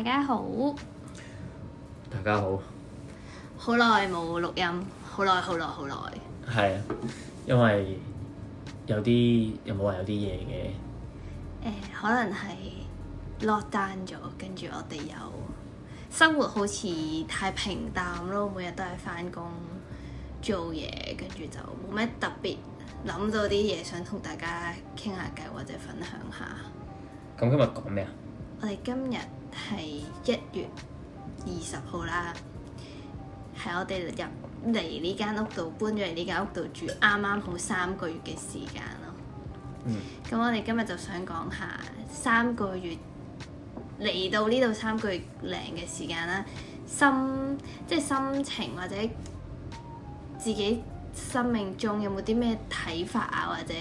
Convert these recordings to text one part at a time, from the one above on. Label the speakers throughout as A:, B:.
A: 大家好，
B: 大家好，
A: 好耐冇錄音，好耐，好耐，好耐。
B: 係，因為有啲有冇話有啲嘢嘅，
A: 誒，可能係落單咗，跟住我哋有生活好似太平淡咯，每日都係返工做嘢，跟住就冇咩特別諗到啲嘢想同大家傾下偈或者分享下。
B: 咁今日講咩啊？
A: 我哋今日。係一月二十號啦，係我哋入嚟呢間屋度搬咗嚟呢間屋度住，啱啱好三個月嘅時間咯。嗯，咁我哋今日就想講下三個月嚟到呢度三個月零嘅時間啦，心即係、就是、心情或者自己生命中有冇啲咩睇法啊，或者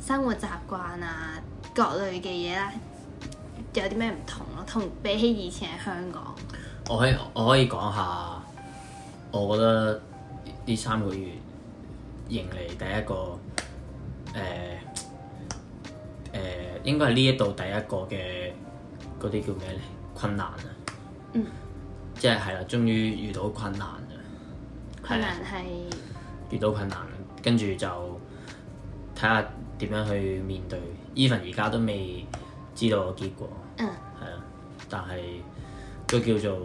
A: 生活習慣啊，各類嘅嘢啦，有啲咩唔同？同比起以前喺香港
B: 我，我可以我可以講下，我覺得呢三個月迎嚟，第一個誒誒、呃呃、應該係呢一度第一個嘅嗰啲叫咩咧困難啊。嗯，即係係啦，終於遇到困難，困難啊！
A: 困難係
B: 遇到困難，跟住就睇下點樣去面對 Even 而家都未知道個結果。但係都叫做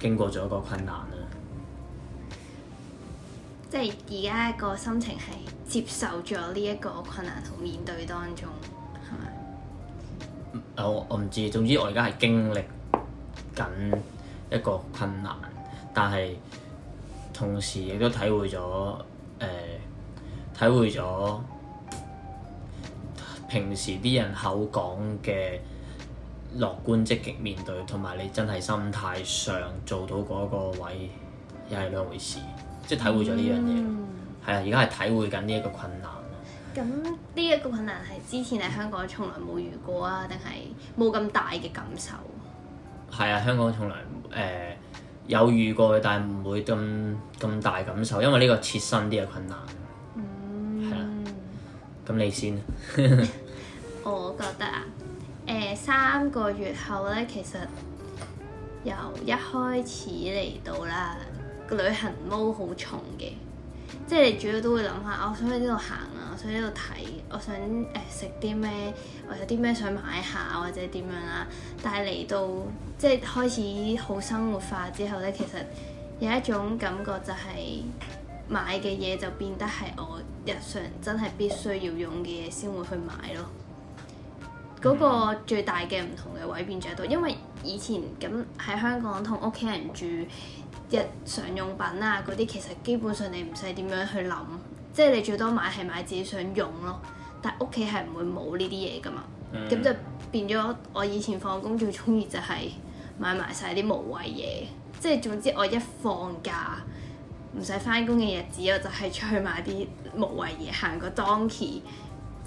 B: 經過咗一個困難啦，
A: 即係而家個心情係接受咗呢一個困難同面對當中，
B: 係咪？我我唔知，總之我而家係經歷緊一個困難，但係同時亦都體會咗誒、呃、體會咗平時啲人口講嘅。樂觀積極面對，同埋你真係心態上做到嗰個位，又係兩回事。即係體會咗呢樣嘢，係啊、嗯，而家係體會緊呢一個困難。咁
A: 呢一個困難係之前喺香港從來冇遇過啊，定係冇咁大嘅感受？
B: 係啊，香港從來誒、呃、有遇過，但係唔會咁咁大感受，因為呢個切身啲嘅困難。係啊、嗯，咁你先。
A: 我覺得啊。誒、呃、三個月後咧，其實由一開始嚟到啦，個旅行毛好重嘅，即係你主要都會諗下，我想去呢度行啊，我想去呢度睇，我想誒食啲咩，我者啲咩想買下，或者點樣啊。但係嚟到即係開始好生活化之後咧，其實有一種感覺就係買嘅嘢就變得係我日常真係必須要用嘅嘢先會去買咯。嗰個最大嘅唔同嘅位變咗喺度，因為以前咁喺香港同屋企人住，日常用品啊嗰啲其實基本上你唔使點樣去諗，即係你最多買係買自己想用咯。但係屋企係唔會冇呢啲嘢㗎嘛，咁、嗯、就變咗我以前放工最鍾意就係買埋晒啲無謂嘢，即係總之我一放假唔使返工嘅日子，我就係出去買啲無謂嘢，行個 Donkey。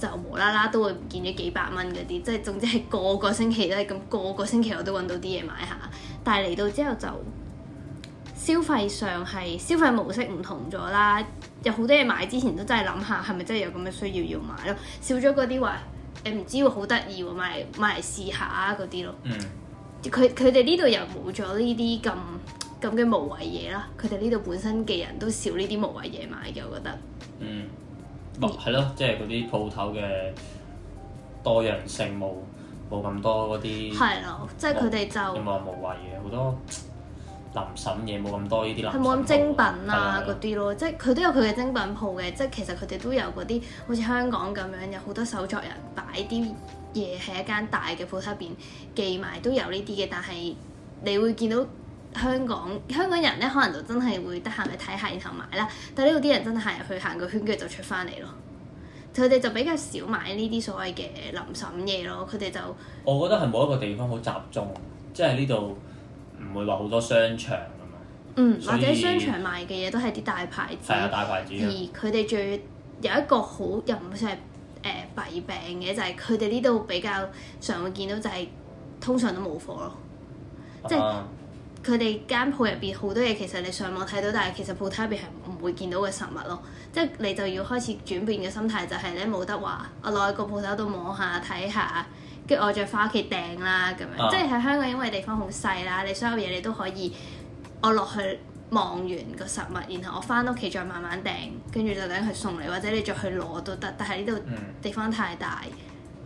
A: 就無啦啦都會唔見咗幾百蚊嗰啲，即係總之係個個星期都係咁，個個星期我都揾到啲嘢買下。但係嚟到之後就消費上係消費模式唔同咗啦，有好多嘢買之前都真係諗下係咪真係有咁嘅需要要買咯，少咗嗰啲話誒，唔知喎，好得意喎，買嚟買嚟試下嗰啲咯。嗯，佢佢哋呢度又冇咗呢啲咁咁嘅無謂嘢啦，佢哋呢度本身嘅人都少呢啲無謂嘢買嘅，我覺得。嗯。
B: 係咯，即係嗰啲鋪頭嘅多樣性冇冇咁多嗰啲。係
A: 咯，即係佢哋就有
B: 冇話無謂嘅好多臨審嘢冇咁多呢啲啦。係冇
A: 咁精品啊嗰啲咯，即係佢都有佢嘅精品鋪嘅。即係其實佢哋都有嗰啲好似香港咁樣有好多手作人擺啲嘢喺一間大嘅鋪頭入邊寄埋都有呢啲嘅，但係你會見到。香港香港人咧可能就真係會得閒去睇下，然後買啦。但呢度啲人真係行入去行個圈，跟住就出翻嚟咯。佢哋就比較少買呢啲所謂嘅臨審嘢咯。佢哋就
B: 我覺得係冇一個地方好集中，即係呢度唔會話好多商場
A: 咁樣。嗯，以或者商場賣嘅嘢都係啲大牌子，係啊，大牌子而。而佢哋最有一個好又唔算係誒、呃、弊病嘅，就係佢哋呢度比較常會見到就係、是、通常都冇貨咯，
B: 即係。
A: 佢哋間鋪入邊好多嘢，其實你上網睇到，但係其實鋪頭入邊係唔會見到嘅實物咯。即係你就要開始轉變嘅心態就，就係咧冇得話，我落去個鋪頭度望下睇下，跟住我再翻屋企訂啦咁樣。Oh. 即係喺香港，因為地方好細啦，你所有嘢你都可以，我落去望完個實物，然後我翻屋企再慢慢訂，跟住就等佢送你，或者你再去攞都得。但係呢度地方太大，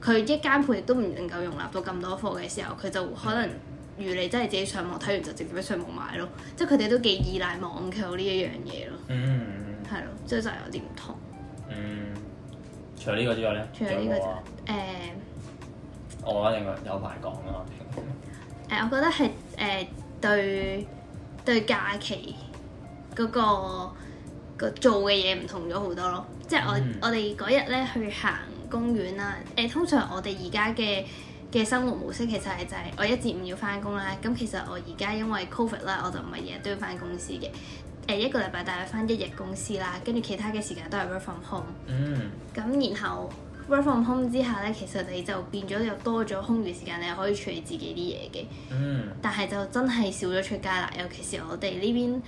A: 佢一間鋪亦都唔能夠容納到咁多貨嘅時候，佢就可能。Mm. 如你真係自己上網睇完就直接上網買咯，即係佢哋都幾依賴網購呢一樣嘢咯。
B: 嗯、mm，
A: 係、hmm. 咯，即係就有啲唔同。嗯、mm，hmm.
B: 除咗呢個之外
A: 咧，仲有誒，我覺得有排講啦。誒、呃，我覺得係誒對對假期嗰、嗰個嗰個嗰個做嘅嘢唔同咗好多咯。即係我、mm hmm. 我哋嗰日咧去行公園啦。誒、呃，通常我哋而家嘅嘅生活模式其實係就係我一至五要翻工啦，咁其實我而家因為 Covid 啦，我就唔係日日都要翻公司嘅，誒、呃、一個禮拜大概翻一日公司啦，跟住其他嘅時間都係 work from home。嗯。咁然後 work from home 之下呢，其實你就變咗又多咗空餘時間，你又可以處理自己啲嘢嘅。嗯、但係就真係少咗出街啦，尤其是我哋呢邊，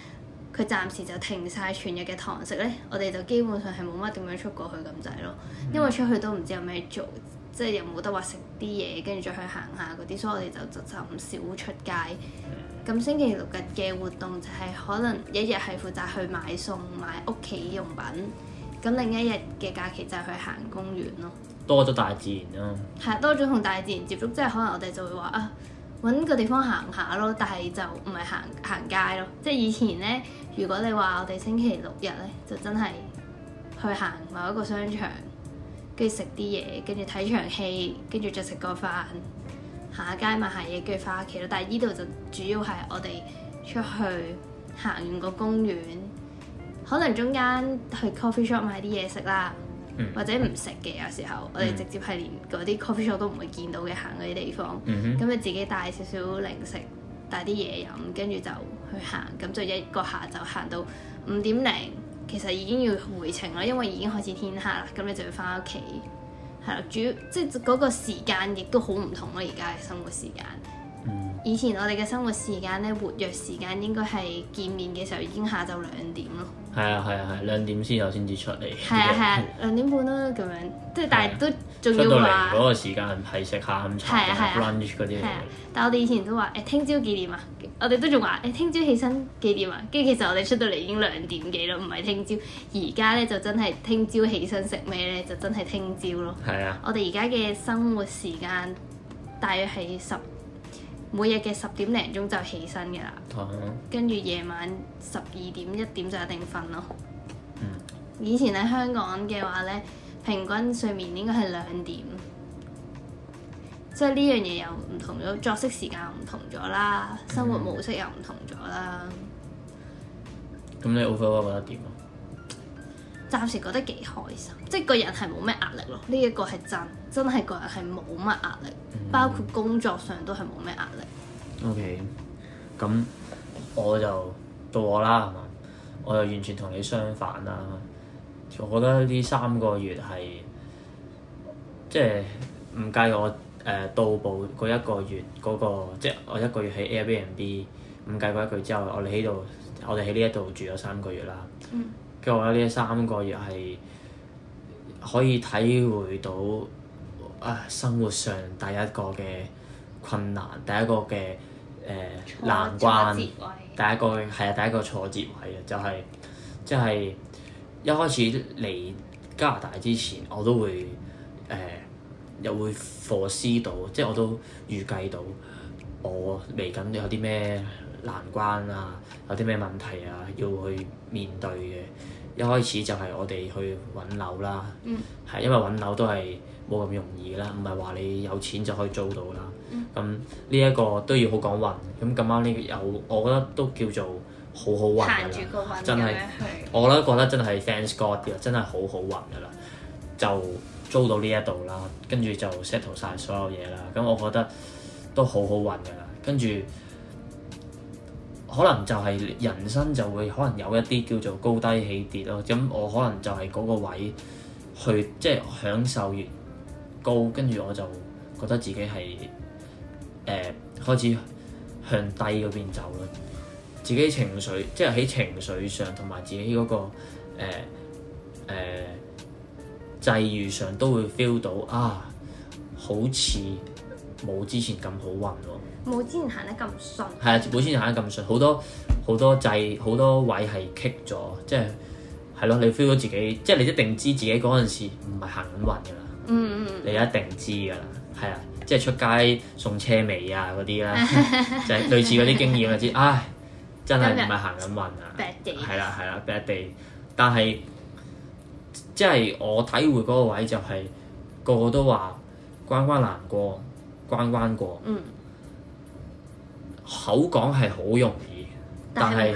A: 佢暫時就停晒全日嘅堂食呢，我哋就基本上係冇乜點樣出過去咁滯咯，因為出去都唔知有咩做。即係又冇得話食啲嘢，跟住再去行下嗰啲，所以我哋就就唔少出街。咁、嗯、星期六日嘅活動就係可能一日係負責去買餸、買屋企用品，咁另一日嘅假期就係去行公園咯。
B: 多咗大自然咯、啊。
A: 係多咗同大自然接觸，即係可能我哋就會話啊，揾個地方行下咯，但係就唔係行行街咯。即係以前呢，如果你話我哋星期六日呢，就真係去行某一個商場。跟住食啲嘢，跟住睇場戲，跟住再食個飯，行下街買下嘢，跟住翻屋企咯。但係呢度就主要係我哋出去行完個公園，可能中間去 coffee shop 買啲嘢食啦，嗯、或者唔食嘅有時候，我哋直接係連嗰啲 coffee shop 都唔會見到嘅行嗰啲地方。咁你、嗯嗯、自己帶少少零食，帶啲嘢飲，跟住就去行，咁就一個下晝行到五點零。其實已經要回程啦，因為已經開始天黑啦，咁你就要返屋企，係啦，主要即係嗰個時間亦都好唔同咯，而家嘅生活時間。以前我哋嘅生活時間咧，活躍時間應該係見面嘅時候已經下晝兩點咯。
B: 係啊，係啊，係兩點先後先至出嚟。係啊，係啊，
A: 兩點 半咯咁樣。即係、啊、但係都仲要話嗰
B: 個時間係食下午茶、係啊、係啊、啲。係啊，
A: 但係我哋以前都話誒聽朝幾點啊？我哋都仲話誒聽朝起身幾點啊？跟住其實我哋出到嚟已經兩點幾喇，唔係聽朝。而家咧就真係聽朝起身食咩咧，就真係聽朝咯。係啊，我哋而家嘅生活時間大約係十。每日嘅十點零鐘就起身噶啦，啊、跟住夜晚十二點一點就一定瞓咯。嗯、以前喺香港嘅話咧，平均睡眠應該係兩點，即係呢樣嘢又唔同咗，作息時間唔同咗啦，生活模式又唔同咗啦。
B: 咁你 overwork 覺得點啊？
A: 暫時覺得幾開心。即係個人係冇咩壓力咯，呢一個係真真係個人係冇乜壓力，這個壓力嗯、包括工作上都係冇咩
B: 壓力。OK，咁我就到我啦，係嘛？我又完全同你相反啦。我覺得呢三個月係即係唔計我誒、呃、到步嗰一個月嗰、那個，即、就、係、是、我一個月喺 Airbnb 唔計嗰一個月之後，我哋喺度我哋喺呢一度住咗三個月啦。跟、嗯、我覺得呢三個月係。可以體會到啊，生活上第一個嘅困難，第一個嘅誒、呃、錯難關，第一個係啊，第一個錯節位啊，就係即係一開始嚟加拿大之前，我都會誒、呃、又會 foresight 到，即係我都預計到我嚟緊有啲咩難關啊，有啲咩問題啊，要去面對嘅。一開始就係我哋去揾樓啦，係、嗯、因為揾樓都係冇咁容易啦，唔係話你有錢就可以租到啦。咁呢一個都要好講運，咁咁啱呢個有，我覺得都叫做好好運㗎啦。撐住個運真係的、嗯、我覺得覺得真係 fans god 真係好好運㗎啦。就租到呢一度啦，跟住就 settle 曬所有嘢啦。咁我覺得都好好運㗎啦，跟住。可能就係人生就會可能有一啲叫做高低起跌咯，咁我可能就係個位去即係享受越高，跟住我就覺得自己係誒、呃、開始向低嗰邊走啦，自己情緒即係喺情緒上同埋自己、嗰個誒誒際遇上都會 feel 到啊，好似冇之前咁好運喎。冇之前行得咁順，係 啊，冇之前行得咁順，好多好多掣，好多位係棘咗，即係係咯。你 feel 到自己，即係你一定知自己嗰陣時唔係行緊運噶啦。嗯，嗯嗯，你一定知噶啦，係啊，即係出街送車尾啊嗰啲啦，就係類似嗰啲經驗啦。知唉，真係唔係行緊運啊，係啦係啦，bad day。但係即係我體會嗰個位就係，個個都話關關難過，關關過。嗯。口講係好容易，但係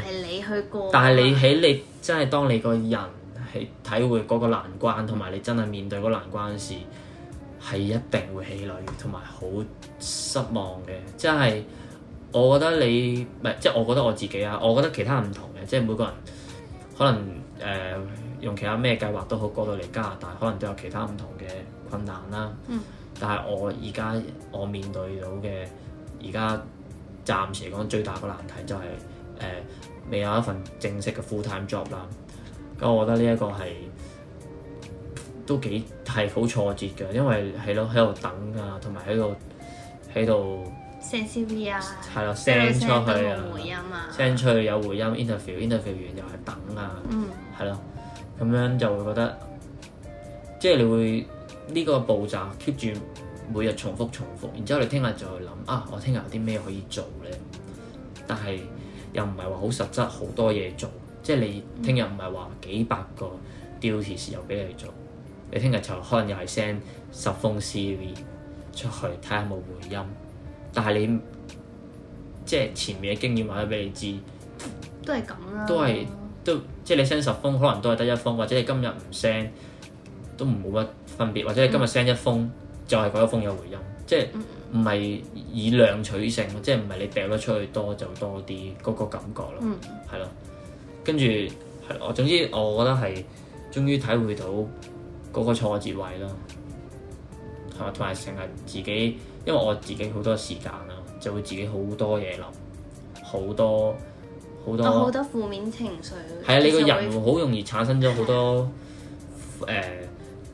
B: 但係你喺你，你真係當你個人喺體會嗰個難關，同埋你真係面對嗰難關時，係一定會氣餒同埋好失望嘅。即係我覺得你咪即係我覺得我自己啊，我覺得其他唔同嘅，即係每個人可能誒用其他咩計劃都好過到嚟加拿大，可能都有其他唔同嘅困難啦。嗯。但係我而家我面對到嘅而家。暫時嚟講，最大個難題就係誒未有一份正式嘅 full time job 啦，咁我覺得呢一個係都幾係好挫折嘅，因為係咯，喺度等啊，同埋喺度喺度
A: send cv 啊，係
B: 啦 send 出去啊，send 出去有回音 interview，interview 完又係等啊，嗯，係咯，咁樣就會覺得即係你會呢個步驟 keep 住。每日重複重複，然之後你聽日就去諗啊，我聽日有啲咩可以做咧？但係又唔係話好實質，好多嘢做。即係你聽日唔係話幾百個 duties 又俾你做，你聽日就可能又係 send 十封 CV 出去睇下有冇回音。但係你即係前面嘅經驗話咗俾你知，
A: 都係咁啦。都係
B: 都即係你 send 十封，可能都係得一封，或者你今日唔 send 都唔冇乜分別，或者你今日 send 一封。嗯就係嗰一封有回音，即係唔係以量取勝，嗯、即係唔係你掉得出去多就多啲嗰、嗰個感覺咯，係咯、嗯。跟住係咯，總之我覺得係終於體會到嗰個挫折位咯，同埋成日自己，因為我自己好多時間啦，就會自己多多多好多嘢諗，好多好多好
A: 多負面情緒。係啊，你個人好
B: 容易產生咗好多誒。呃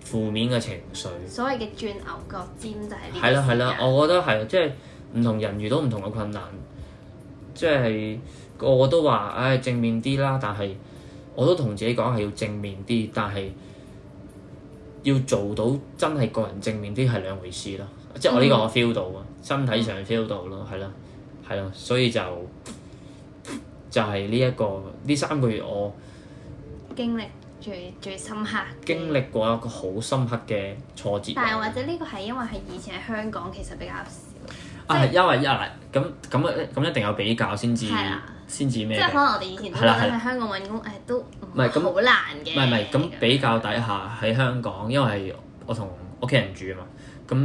B: 負面嘅情緒，所
A: 謂嘅轉
B: 牛角尖就係呢？係啦係啦，我覺得係，即係唔同人遇到唔同嘅困難，即係個個都話，唉，正面啲啦。但係我都同自己講係要正面啲，但係要做到真係個人正面啲係兩回事咯。即係我呢個我 feel 到啊，嗯、身體上 feel 到咯，係啦、嗯，係啦、啊啊，所以就就係呢一個呢三個月我
A: 經歷。最最深
B: 刻，經歷過一個好深刻嘅挫折。但係或者呢個
A: 係因
B: 為係以前喺香港其實比較少。啊，係因為一嚟，咁咁咁一定有比較先至先至咩？即係可能
A: 我哋以前都覺得喺香港搵工誒，都唔係咁好難嘅。
B: 唔係唔係咁比較底下喺香港，因為係我同屋企人住啊嘛。咁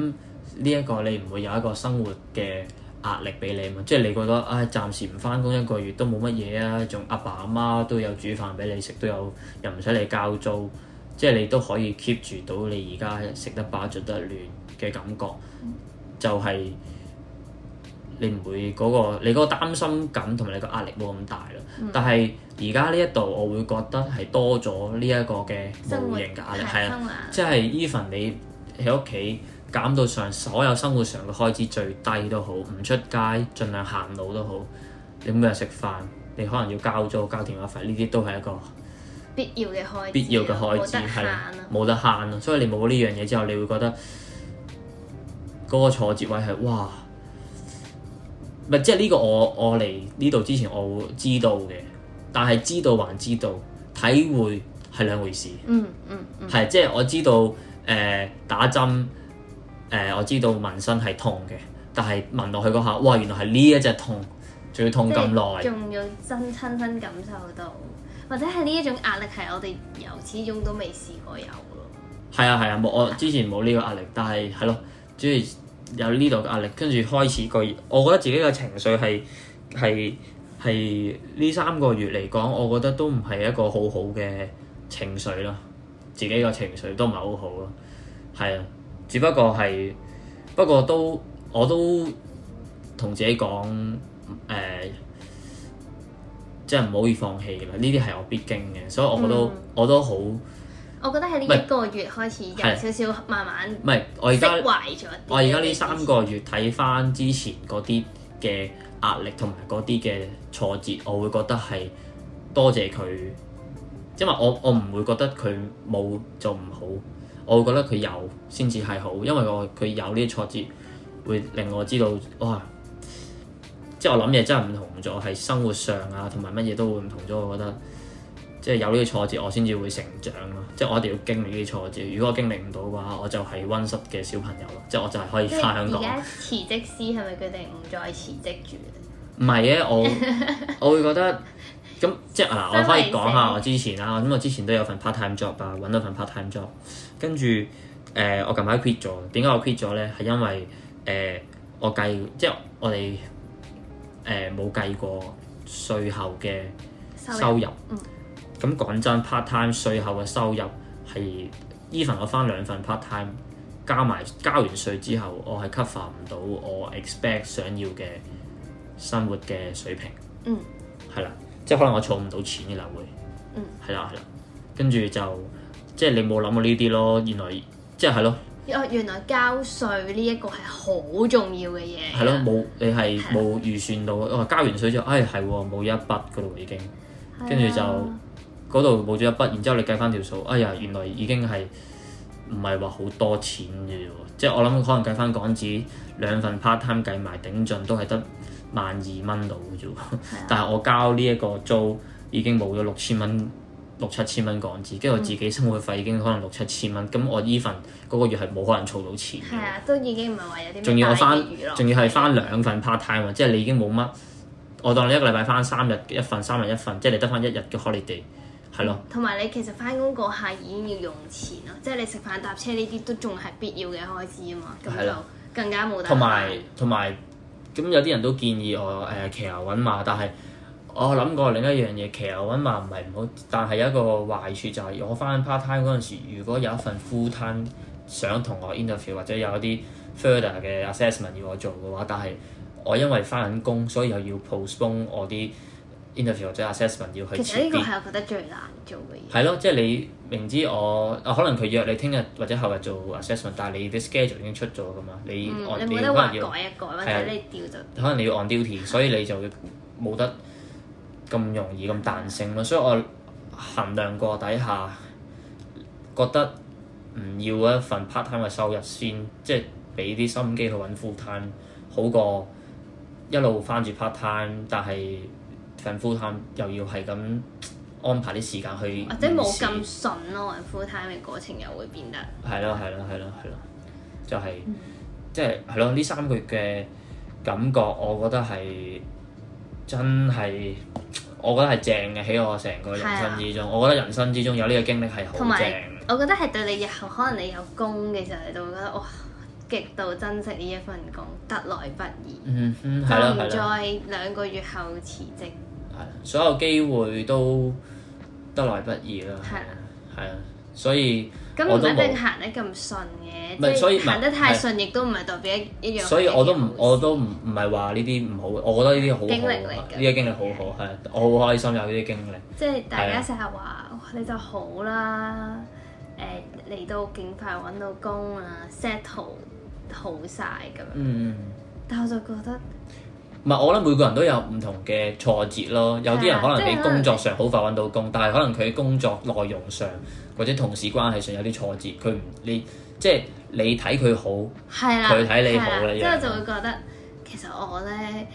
B: 呢一個你唔會有一個生活嘅。壓力俾你嘛，即係你覺得啊、哎，暫時唔翻工一個月都冇乜嘢啊，仲阿爸阿媽，媽都有煮飯俾你食，都有又唔使你交租，即係你都可以 keep 住到你而家食得飽、著得暖嘅感覺，嗯、就係你唔會嗰、嗰個你嗰個擔心感同埋你個壓力冇咁大啦。嗯、但係而家呢一度，我會覺得係多咗呢一個嘅無形嘅壓力，係啊，啊，即係 even 你喺屋企。減到上所有生活上嘅開支最低都好，唔出街，盡量行路都好。你每日食飯，你可能要交租、交電話費，呢啲都係一個必要嘅
A: 開必要嘅開支，係
B: 冇得慳啊！所以你冇呢樣嘢之後，你會覺得嗰個挫折位係哇，咪，即係呢個我我嚟呢度之前我會知道嘅，但係知道還知道體會係兩回事。嗯嗯嗯，係即係我知道，誒、呃、打針。誒、呃、我知道紋身係痛嘅，但係紋落去嗰下，哇！原來係呢一隻痛，仲要痛咁耐，仲要真親
A: 身感受到，或者係呢一種壓力係我哋由始終都未試
B: 過有咯。係啊係啊，冇、啊、我之前冇呢個壓力，但係係咯，主要有呢度嘅壓力，跟住開始個，我覺得自己嘅情緒係係係呢三個月嚟講，我覺得都唔係一個好好嘅情緒咯，自己嘅情緒都唔係好好咯，係啊。只不過係，不過都我都同自己講，誒、呃，即係唔好易放棄啦。呢啲係我必經嘅，所以我覺得、嗯、我都好。
A: 我覺得喺呢一個月開始有，係，有少少慢慢，唔係我而家，我而家呢三個月
B: 睇返之前嗰啲嘅壓力同埋嗰啲嘅挫折，我會覺得係多謝佢，因為我我唔會覺得佢冇就唔好。我會覺得佢有先至係好，因為我佢有呢啲挫折，會令我知道哇，即係我諗嘢真係唔同咗，係生活上啊同埋乜嘢都會唔同咗。我覺得即係有呢啲挫折，我先至會成長咯。即係我一定要經歷呢啲挫折。如果我經歷唔到嘅話，我就係溫室嘅小朋友咯。即係我就係可以翻香港。而家
A: 辭職師係
B: 咪佢哋唔再辭職住？唔係
A: 嘅，
B: 我我會覺得。咁即係嗱，我可以講下我之前啦。咁我之前都有份 part time job 啊，揾到份 part time job，跟住誒、呃、我近排 quit 咗。點解我 quit 咗咧？係因為誒、呃、我計即係我哋誒冇計過稅後嘅收，收入。嗯。咁講真，part time 稅後嘅收入係 even 我翻兩份 part time 加埋交完稅之後，我係 cover 唔到我 expect 想要嘅生活嘅水平。嗯。係啦。即係可能我儲唔到錢嘅啦，會，嗯，係啦係啦，跟住就即係你冇諗過呢啲咯，原來即係係咯，
A: 哦，原來交稅呢一個係好重要
B: 嘅嘢，係咯，冇你係冇預算到，我交完稅之後，哎係冇一筆㗎咯已經，
A: 跟住就
B: 嗰度冇咗一筆，然之後你計翻條數，哎呀原來已經係唔係話好多錢嘅啫，即係我諗可能計翻港紙兩份 part time 計埋頂盡都係得。萬二蚊到嘅啫喎， 但係我交呢一個租已經冇咗六千蚊，六七千蚊港紙，跟住我自己生活費已經可能六七千蚊，咁我依份嗰個月係冇可能儲到錢嘅。係啊，都已經唔係
A: 話有啲。仲要我返，仲要係
B: 返兩份 part time 即係你已經冇乜。我當你一個禮拜返三日一份，三日一份，即係你得返一日嘅 holiday，係咯。同埋你其實返工嗰下已經要用錢
A: 咯，即係你食飯搭車呢啲都仲係必要嘅開支啊嘛，咁就更加冇得。同埋，
B: 同埋。咁有啲人都建議我誒、呃、騎牛搵馬，但係我諗過另一樣嘢，騎牛搵馬唔係唔好，但係有一個壞處就係、是、我翻 part time 嗰陣時，如果有一份 full time 想同我 interview 或者有一啲 further 嘅 assessment 要我做嘅話，但係我因為翻緊工，所以又要 postpone 我啲。interview 或者 assessment 要去，其實呢個係我覺
A: 得最難做嘅
B: 嘢。係咯，即係你明知我啊，可能佢約你聽日或者後日做 assessment，但係你啲 schedule 已經出咗噶嘛，你 on,、嗯、你冇得話改一改或
A: 者你調就。
B: 可能你要 on duty，所以你就冇得咁容易咁 彈性咯。所以我衡量過底下，覺得唔要一份 part time 嘅收入先，即係俾啲心機去揾 full time 好過一路翻住 part time，但係。full time 又要係咁安排啲時間去，或者冇咁
A: 順咯。full time 嘅過程又會變得係咯
B: 係咯係咯係咯，就係即係係咯呢三個月嘅感覺，我覺，我覺得係真係我覺得係正嘅喺我成個人生之中，啊、我覺得人生之中有呢個經歷係好正。
A: 我覺得係對你日後可能你有工嘅時候，你就會覺得哇、哦，極度珍惜呢一份工，得來不易。
B: 嗯係咯唔再
A: 兩個月後辭職。
B: 係，所有機會都得來不易啦。係啦，係啊，所以咁我一定行
A: 得咁順嘅，唔係行得太順，亦都唔係代表一樣。所以我
B: 都唔，我都唔唔係話呢啲唔好，我覺得呢啲好經歷嚟嘅，呢啲經歷好好係，我好開心有呢啲經歷。即
A: 係大家成日話你就好啦，誒嚟到勁快揾到工啊，settle 好
B: 晒
A: 咁樣。嗯但我就覺得。
B: 唔係，我覺得每個人都有唔同嘅挫折咯。有啲人可能喺工作上好快揾到工，但係可能佢喺工作內容上或者同事關係上有啲挫折，佢唔你即係你睇佢好，佢睇的你好咧。即係的樣就會
A: 覺得，其實我咧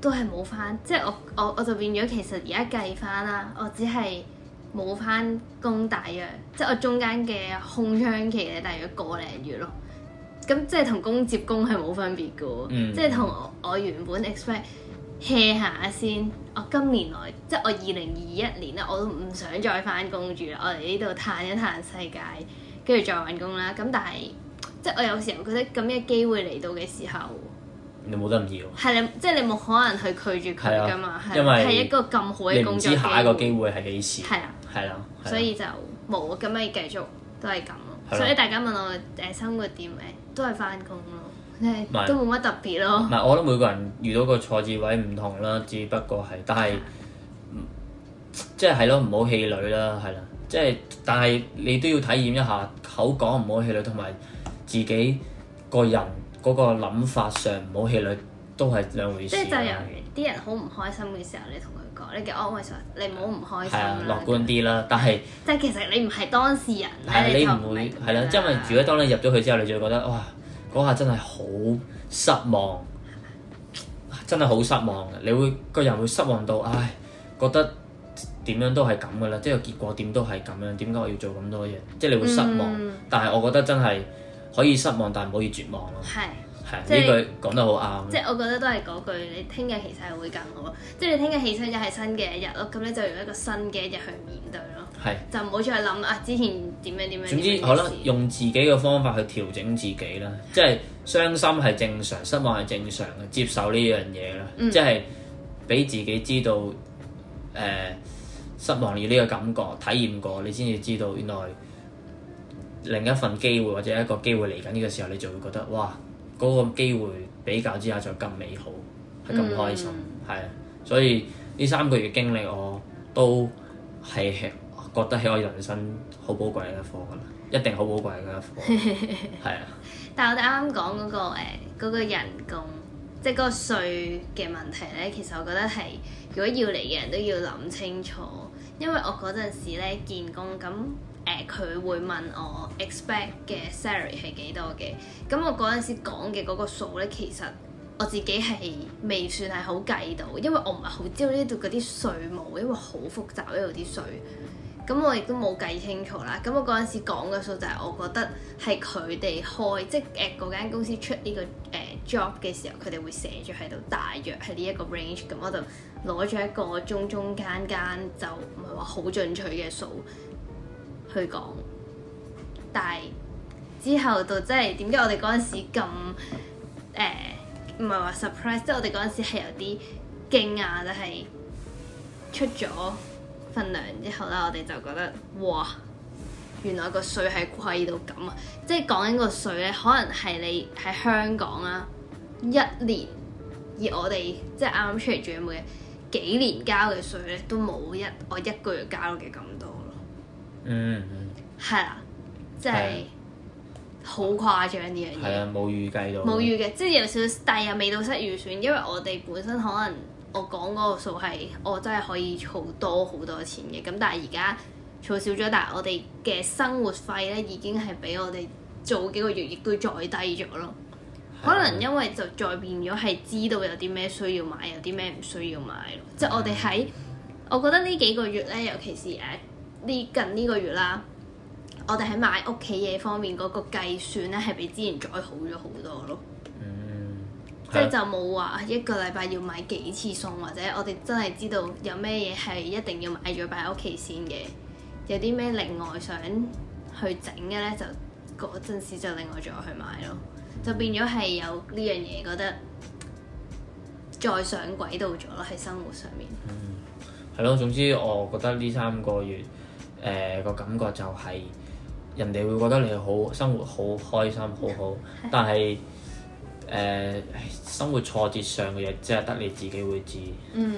A: 都係冇翻，即係我我我就變咗其實而家計翻啦，我只係冇翻工，大約即係我中間嘅空窗期咧，大約個零月咯。咁即係同工接工係冇分別嘅，即係同我原本 expect 歇下先。我今年來，即係我二零二一年咧，我都唔想再翻工住啦。我嚟呢度嘆一嘆世界，跟住再揾工啦。咁但係即係我有時候覺得咁嘅機會嚟到嘅時候，
B: 你冇得唔要？
A: 係你即係你冇可能去拒絕佢㗎嘛？啊、係因為係一個咁好嘅工作，你唔知下一個
B: 機會係幾時？係啊，係啦、啊，啊啊、所
A: 以就冇咁咪繼續都係咁。所以大家問我，誒，生活點，誒，都係返工咯，都冇
B: 乜是特別咯。唔係，我覺得每個人遇到個挫折位唔同啦，只不過係，但係的即係係咯，唔好氣餒啦，係啦，即係但係你都要體驗一下，口講唔好氣餒，同埋自己個人嗰個諗法上唔好氣餒，都係兩回事。
A: 啲人好唔開心嘅時候，你同
B: 佢講，你叫安慰佢，你
A: 唔好唔開心啦。係啊，樂觀啲啦。吧但係是，即係其實你唔係當事人。係、
B: 啊、你唔會係啦、啊，因為如果當你入咗去之後，你就會覺得哇，嗰下真係好失望，真係好失望嘅。你會個人會失望到唉、哎，覺得點樣都係咁噶啦，即係結果點都係咁樣，點解我要做咁多嘢？嗯、即係你會失望。但係我覺得真係可以失望，但係唔可以絕望咯。呢句講得好啱，即係
A: 我覺得都係嗰句。你聽日其實係會更好，即係你聽日起身就係新嘅一日咯。咁你就用一個新嘅一日去面對咯，係是就唔好再諗啊。之前點樣點樣，樣總之好啦，
B: 用自己嘅方法去調整自己啦。即係傷心係正常，失望係正常嘅，接受呢樣嘢啦。嗯、即係俾自己知道，誒、呃、失望你呢個感覺體驗過，你先至知道原來另一份機會或者一個機會嚟緊呢個時候，你就會覺得哇～嗰個機會比較之下就更美好，係咁、嗯、開心，係啊，所以呢三個月經歷我都係覺得係我人生好寶貴嘅一課噶啦，一定好寶貴嘅一課，係啊
A: 的。但係我哋啱啱講嗰個誒、呃那個、人工，即係嗰個稅嘅問題咧，其實我覺得係如果要嚟嘅人都要諗清楚，因為我嗰陣時咧見工咁。誒佢、呃、會問我 expect 嘅 salary 係幾多嘅？咁我嗰陣時講嘅嗰個數咧，其實我自己係未算係好計到，因為我唔係好知道呢度嗰啲稅務，因為好複雜呢度啲稅。咁我亦都冇計清楚啦。咁我嗰陣時講嘅數就係、是、我覺得係佢哋開，即係誒嗰間公司出呢、這個誒 job 嘅時候，佢哋會寫住喺度大約喺呢一個 range。咁我就攞咗一個中中間間就唔係話好進取嘅數。去講，但係之後到即係點解我哋陣時咁，誒唔係話 surprise，即係我哋陣時係有啲驚訝，就係出咗份糧之後咧，我哋就覺得哇，原來個稅係貴到咁啊！即係講緊個稅咧，可能係你喺香港啊一年，而我哋即係啱啱出嚟住嘅冇幾年交嘅稅咧，都冇一我一個月交嘅咁多。嗯嗯，係啦、mm hmm.，即係好誇張呢樣嘢。係啊，
B: 冇預計到。冇
A: 預計，即係有少少低，但係又未到失預算。因為我哋本身可能我講嗰個數係我真係可以儲多好多錢嘅，咁但係而家儲少咗，但係我哋嘅生活費咧已經係比我哋早幾個月亦都再低咗咯。的可能因為就再變咗係知道有啲咩需要買，有啲咩唔需要買咯。即係、mm hmm. 我哋喺我覺得呢幾個月咧，尤其是誒。呢近呢個月啦，我哋喺買屋企嘢方面嗰個計算咧，係比之前再好咗好多咯。嗯，即係就冇話一個禮拜要買幾次餸，或者我哋真係知道有咩嘢係一定要買咗擺喺屋企先嘅。有啲咩另外想去整嘅呢？就嗰陣時就另外再去買咯。就變咗係有呢樣嘢覺得再上軌道咗咯，喺生活上面。嗯，
B: 係咯。總之我覺得呢三個月。誒、呃、個感覺就係、是、人哋會覺得你好生活好開心好、嗯、好，但係誒、呃、生活挫折上嘅嘢，即係得你自己會知，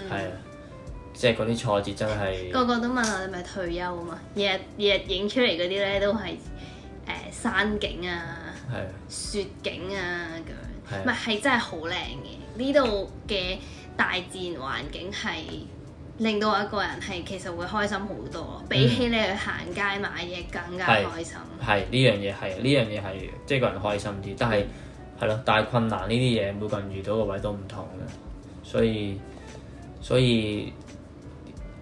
B: 係啊、嗯，即係嗰啲挫折真係個
A: 個都問我你咪退休啊嘛，日日影出嚟嗰啲咧都係誒、呃、山景啊、雪景啊
B: 咁樣，唔
A: 係係真係好靚嘅，呢度嘅大自然環境係。令到我一個人係其實會開心好
B: 多，嗯，比起
A: 你去行街買嘢更加開
B: 心。係呢樣嘢，係呢樣嘢，係即係個人開心啲，但係係咯，但係困難呢啲嘢每個人遇到嘅位都唔同嘅，所以所以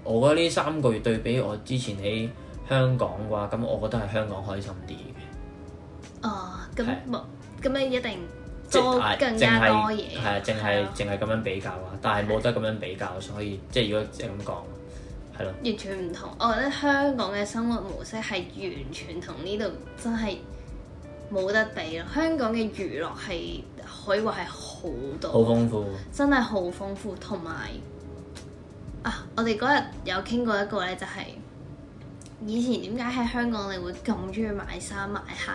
B: 我覺得呢三個月對比我之前喺香港嘅話，咁我覺得係香港開心啲嘅。哦，咁
A: 冇咁你一定。多更加多
B: 嘢，係啊，淨係淨係咁樣比較啊！但係冇得咁樣比較，比較係所以即係如果即係咁講，係
A: 咯，完全唔同。我覺得香港嘅生活模式係完全同呢度真係冇得比咯。香港嘅娛樂係可以話係好多，好豐富，真係好豐富。同埋啊，我哋嗰日有傾過一個咧、就係，就係以前點解喺香港你會咁中意買衫買鞋？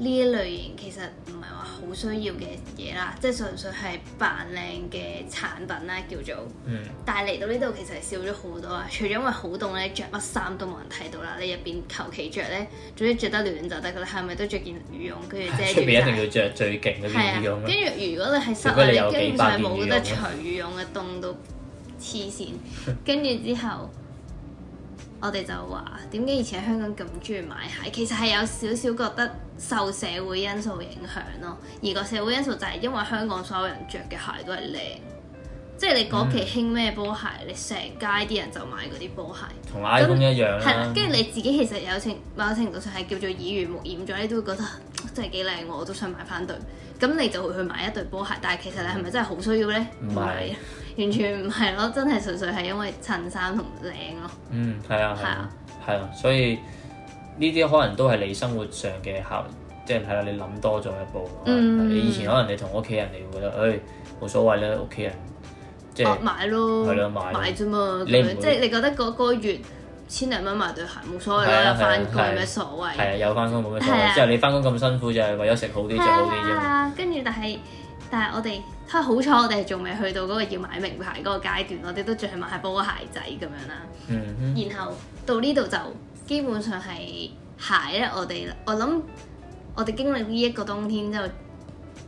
A: 呢一類型其實唔係話好需要嘅嘢啦，即係純粹係扮靚嘅產品啦，叫做。嗯。但係嚟到呢度其實少咗好多啊！除咗因為好凍咧，着乜衫都冇人睇到啦。你入邊求其着咧，總之着得暖就得㗎啦。係咪都着件羽絨，跟住遮住。出邊一定
B: 要着最勁嗰件羽絨。係啊。跟住、啊、
A: 如果你係室內根本上冇得除羽絨嘅，凍到黐線。跟住之後。我哋就話點解以前喺香港咁中意買鞋，其實係有少少覺得受社會因素影響咯。而個社會因素就係因為香港所有人着嘅鞋都係靚，即係你嗰期興咩波鞋，嗯、你成街啲人就買嗰啲波鞋。
B: 同 I K 一樣啦、啊。係啦，跟住
A: 你自己其實有情，某程度上係叫做耳濡目染咗，你都會覺得真係幾靚，我都想買翻對。咁你就會去買一對波鞋，但係其實你係咪真係好需要呢？唔係、嗯。是 完
B: 全唔係咯，真係純粹係因為襯衫同靚咯。嗯，係啊，係啊，係啊，所以呢啲可能都係你生活上嘅客，即係係啦，你諗多咗一步。嗯。你以前可能你同屋企人你會覺得，誒，冇所謂啦，屋企人即係。買
A: 咯，係咯，買。買啫嘛，你即係你覺得嗰個月千零蚊買對鞋冇所謂啦，有翻工有咩所謂？係啊，
B: 有翻工冇咩所謂。即係你翻工咁辛苦，就係為咗食好啲，著好啲啫。
A: 跟住，但係。但係我哋，好彩我哋仲未去到嗰個要買名牌嗰個階段，我哋都仲係買波鞋仔咁樣啦。Mm hmm. 然後到呢度就基本上係鞋咧，我哋我諗我哋經歷呢一個冬天之後，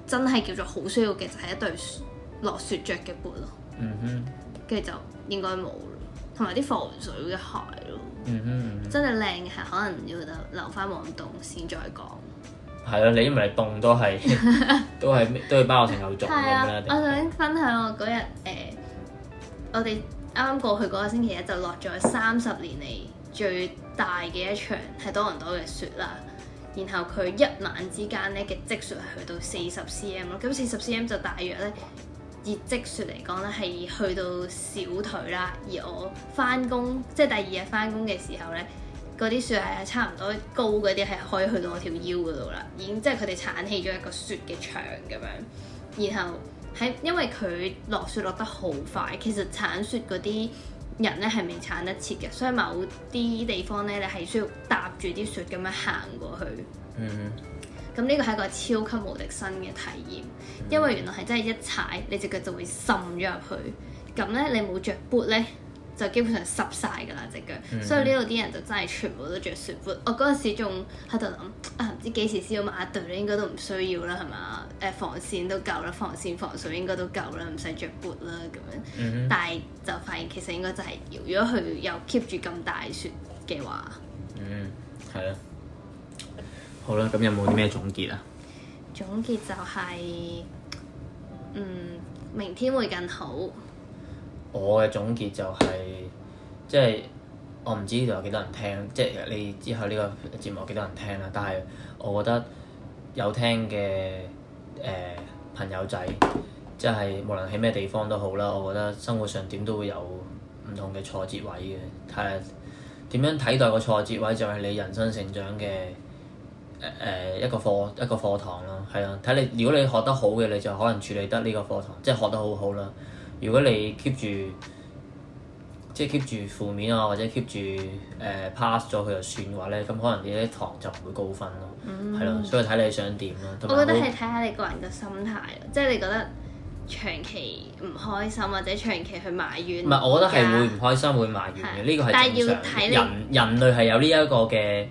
A: 真係叫做好需要嘅就係一對落雪着嘅靴咯。跟住，mm hmm. 就應該冇啦，同埋啲防水嘅鞋咯。
B: Mm hmm. 真係
A: 靚嘅係可能要留留翻望冬先再講。
B: 係咯、啊，你因為你凍都係，都係都係包我成牛絨咁樣
A: 啦。我想分享我嗰日誒，我哋啱啱過去嗰個星期咧，就落咗三十年嚟最大嘅一場係多倫多嘅雪啦。然後佢一晚之間咧嘅積雪係去到四十 cm 咯，咁四十 cm 就大約咧以積雪嚟講咧係去到小腿啦。而我返工即係第二日返工嘅時候咧，嗰啲雪係差唔多高，嗰啲係可以去到我條腰嗰度啦，已經即係佢哋鏟起咗一個雪嘅牆咁樣。然後喺因為佢落雪落得好快，其實鏟雪嗰啲人咧係未鏟得切嘅，所以某啲地方咧你係需要踏住啲雪咁樣行過去。嗯、
B: mm。
A: 咁、hmm. 呢個係一個超級無敵新嘅體驗，因為原來係真係一踩你隻腳就會滲咗入去。咁咧你冇着 boot 咧？就基本上濕晒噶啦隻腳，mm hmm. 所以呢度啲人就真係全部都着雪靴。我嗰陣時仲喺度諗，啊唔知幾時先要買對咧，應該都唔需要啦，係嘛？誒防線都夠啦，防線防，防水應該都夠啦，唔使着 boot 啦咁樣。Mm hmm. 但係就發現其實應該就係、是，如果佢又 keep 住咁大雪嘅話，嗯係
B: 啦。好啦，咁有冇啲咩總結啊？
A: 總結就係、是，嗯，明天會更好。
B: 我嘅總結就係，即係我唔知呢度有幾多人聽，即係你之後呢個節目有幾多人聽啦。但係我覺得有聽嘅誒朋友仔，即係無論喺咩地方都好啦，我覺得生活上點都會有唔同嘅挫折位嘅，睇下點樣睇待個挫折位就係你人生成長嘅誒一個課一個課堂咯，係啊，睇你如果你學得好嘅你就可能處理得呢個課堂，即係學得好好啦。如果你 keep 住，即係 keep 住負面啊，或者 keep 住誒 pass 咗佢就算嘅話咧，咁可能你啲糖就唔會高分咯，係咯、嗯，所以睇你想點咯，我覺得係睇下你個人嘅心
A: 態，即係你覺得長期唔開心或者長期去埋怨。唔係，我覺得係會唔
B: 開心會埋怨嘅，呢個係正常，但係要睇你，人，人人類係有呢一個嘅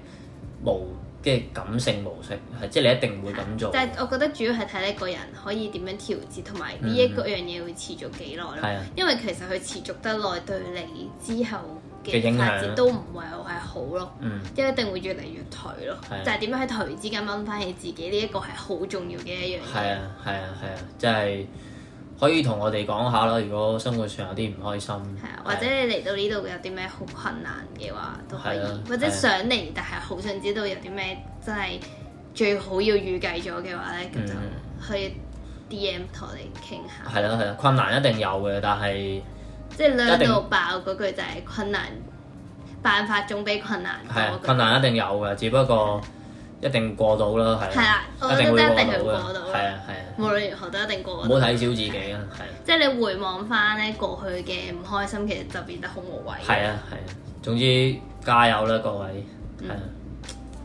B: 無。即嘅感性模式係，即係你一定唔會咁做。但係
A: 我覺得主要係睇你個人可以點樣調節，同埋呢一個樣嘢會持續幾耐咯。係啊、嗯嗯，因為其實佢持續得耐，對你之後嘅發展都唔係話係好咯，即、嗯、因為一定會越嚟越頹咯。嗯、但係點樣喺頹之間掹翻起自己呢一、嗯、個係好重要嘅一樣嘢。係啊，
B: 係啊，係啊，即係、啊。可以同我哋講下啦，如果生活上有啲唔開心，係啊，
A: 或者你嚟到呢度有啲咩好困難嘅話，
B: 都可以，啊、或者想
A: 嚟、啊、但係好想知道有啲咩真係最好要預計咗嘅話咧，咁、嗯、就去 DM 同我哋傾下。係啦係
B: 啦，困難一定有嘅，但係
A: 即係兩到爆嗰句就係困難，辦法總比困難多、啊。係啊，
B: 困難一定有嘅，只不過。一定過到啦，係啦，我覺得一定會過到嘅。係啊，係啊。無
A: 論如何都一定過到。唔好睇小自
B: 己啊，
A: 係。即係你回望翻咧過去嘅唔開心，其實就變得好無謂。係啊，係啊。
B: 總之加油啦，各位。係啊，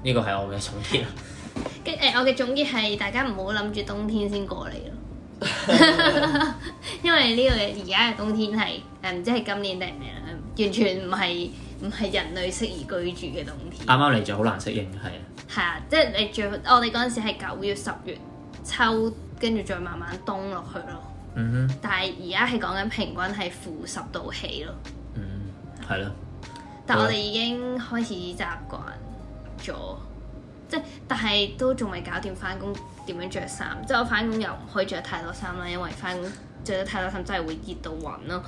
B: 呢個係我嘅總
A: 結。跟誒，我嘅總結係大家唔好諗住冬天先過嚟咯。 因為呢、這個而家嘅冬天係誒唔知係今年定係咩啦，完全唔係唔係人類適宜居住嘅冬天。啱
B: 啱嚟就好難適應嘅係啊，
A: 係啊，即係你最我哋嗰陣時係九月十月秋，跟住再慢慢冬落去咯。嗯哼。但係而家係講緊平均係負十度起咯。嗯，
B: 係咯。的但係我哋已
A: 經開始習慣咗。即係，但係都仲未搞掂翻工點樣着衫。即係我翻工又唔可以着太多衫啦，因為翻工着得太多衫真係會熱到暈咯。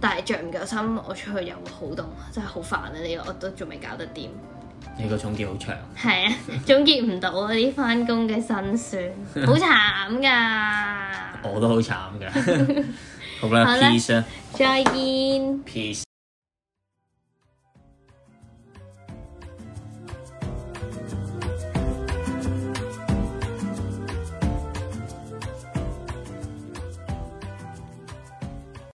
A: 但係着唔夠衫，我出去又會好凍，真係好煩啊！呢個我都仲未搞得掂。
B: 你個總結好長。
A: 係啊，總結唔到啲翻工嘅辛酸，好慘㗎。
B: 我都好慘㗎。 好啦，peace。
A: 再見。